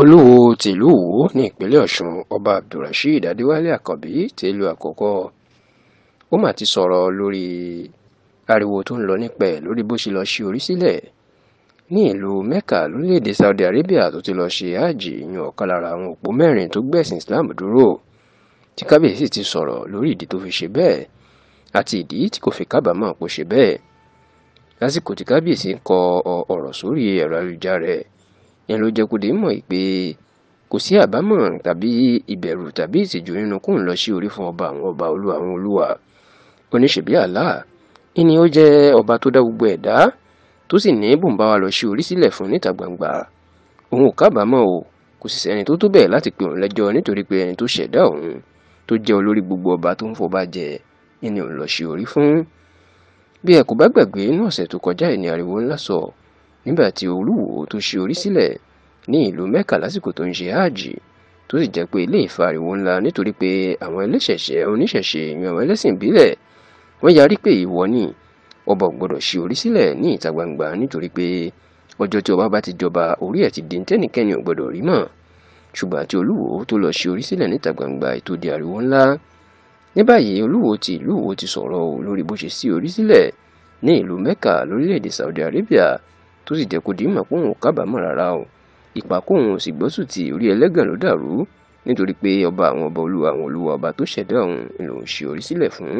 olúwo tìlú Ìwó ní ìpínlẹ̀ Ọ̀ṣun ọba abdulrasheed adéwálé àkànbí ti lu àkọ́kọ́ ó mà ti sọ̀rọ̀ lórí ariwo tó ń lọ nípẹ̀ lórí bó ṣe lọ ṣí orí sílẹ̀ ní ìlú mecca lórílẹ̀‐èdè saudi arabia tó ti lọ ṣe háàjì yan ọ̀kan lára àwọn òpó mẹ́rin tó gbẹ̀sìn islam dúró tí kábíyèsí ti sọ̀rọ̀ lórí ìdí tó fi ṣe bẹ́ẹ̀ àti ìdí tí kò fi kábàámọ̀ kó ṣe bẹ́ẹ̀ lásìkò tí kábíyèsí ń kọ ọ̀rọ̀ sórí ẹ̀rọ ayélujára yẹn ló jẹ́ kó dé mọ̀ pé kò sí àbámọ̀ tàbí ìbẹ̀rù tàbí ìtìjú nínú kóun lọ sí orí fún ọba àwọn ọba olúwa àwọn olúwa oníṣèbí àlá ìní ó jẹ́ ọba tó dá gbogbo ẹ̀dá tó sì ní bùnbá wa lọ sí orí sílẹ̀ fún níta gbangba òun ò kábàámọ̀ o kò sì sẹ́ni tó tó bẹ́ẹ̀ láti pe òun lẹ́jọ́ nítorí pé ẹni tó ṣẹ̀dá òun tó jẹ́ olórí gbogbo ọba tó ń fọba jẹ ìní òun lọ sí orí fún bí ẹ kò bá gbàgbé inú ọ̀sẹ̀ tó kọjá ìní ariwo ńlá nígbà tí olúwo tó ṣe orí sílẹ̀ ní ìlú mẹ́kà lásìkò tó ń ṣe hajj tó sì jẹ́ pé ilé ìfariwo ńlá nítorí pé àwọn ẹlẹ́ṣẹ̀ṣẹ̀ oníṣẹ̀ṣe ìyẹn àwọn ẹlẹ́sìn ìbílẹ̀ wọ́n yarí pé ìwọ ni ọba ò gbọdọ̀ ṣe orí sílẹ̀ ní ìta gbangba nítorí pé ọjọ́ tí ọba bá ti jọba orí ẹ̀ ti di tẹ́nikẹ́ni ò gbọdọ̀ rí mọ́ ṣùgbọ́n àti olúwo tó lọ ṣe orí níta gbangba ètò di ariwo ńlá ní báyìí olúwo ti ìlú wo ti sọ̀rọ̀ lórí bó ṣe sí orí ní ìlú mẹ́kà lórílẹ̀ Saudi Arabia tó sì jẹ́ kó di mọ̀ pé òun ò kábàámọ̀ rárá o ìpàkó òun ò sì gbọ́sùn tí orí ẹlẹ́gàn ló dàrú nítorí pé ọba àwọn ọba olúwa àwọn olúwa ọba tó ṣẹ̀dá òun lòun ṣe orí sílẹ̀ fún